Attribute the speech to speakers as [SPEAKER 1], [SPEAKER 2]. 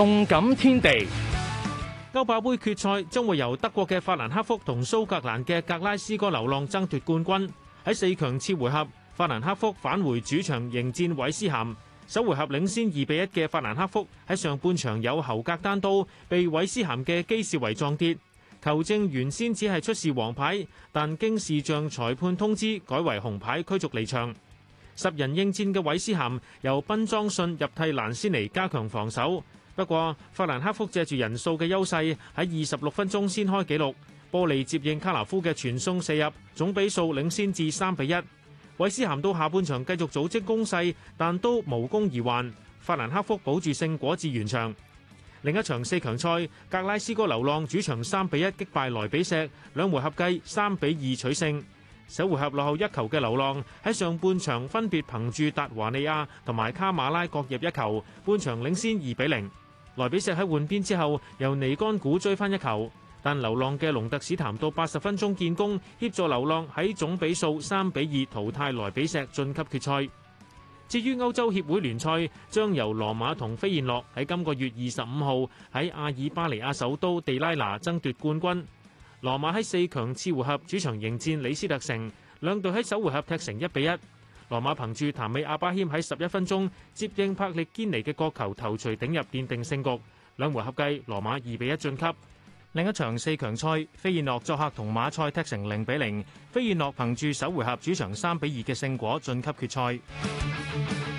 [SPEAKER 1] 動感天地，歐霸盃決賽將會由德國嘅法蘭克福同蘇格蘭嘅格拉斯哥流浪爭奪冠軍。喺四強次回合，法蘭克福返回主場迎戰韋斯咸。首回合領先二比一嘅法蘭克福喺上半場有侯格單刀被韋斯咸嘅基士維撞跌，球證原先只係出示黃牌，但經視像裁判通知改為紅牌驅逐離場。十人應戰嘅韋斯咸由賓莊信入替蘭斯尼加強防守。不過法蘭克福借住人數嘅優勢，喺二十六分鐘先開紀錄，波利接應卡納夫嘅傳送射入，總比數領先至三比一。韋斯咸到下半場繼續組織攻勢，但都無功而還，法蘭克福保住勝果至完場。另一場四強賽，格拉斯哥流浪主場三比一擊敗萊比錫，兩回合計三比二取勝。首回合落後一球嘅流浪喺上半場分別憑住達華尼亞同埋卡馬拉各入一球，半場領先二比零。萊比錫喺換邊之後由尼干古追翻一球，但流浪嘅隆特使談到八十分鐘建功，協助流浪喺總比數三比二淘汰萊比錫晉級決賽。至於歐洲協會聯賽，將由羅馬同飛燕諾喺今個月二十五號喺阿爾巴尼亞首都地拉拿爭奪冠軍。羅馬喺四強次回合主場迎戰里斯特城，兩隊喺首回合踢成一比一。羅馬憑住譚美阿巴謙喺十一分鐘接應柏力堅尼嘅角球頭錘頂入奠定勝局，兩回合計羅馬二比一晉級。另一場四強賽，菲爾諾作客同馬賽踢成零比零，菲爾諾憑住首回合主場三比二嘅勝果晉級決賽。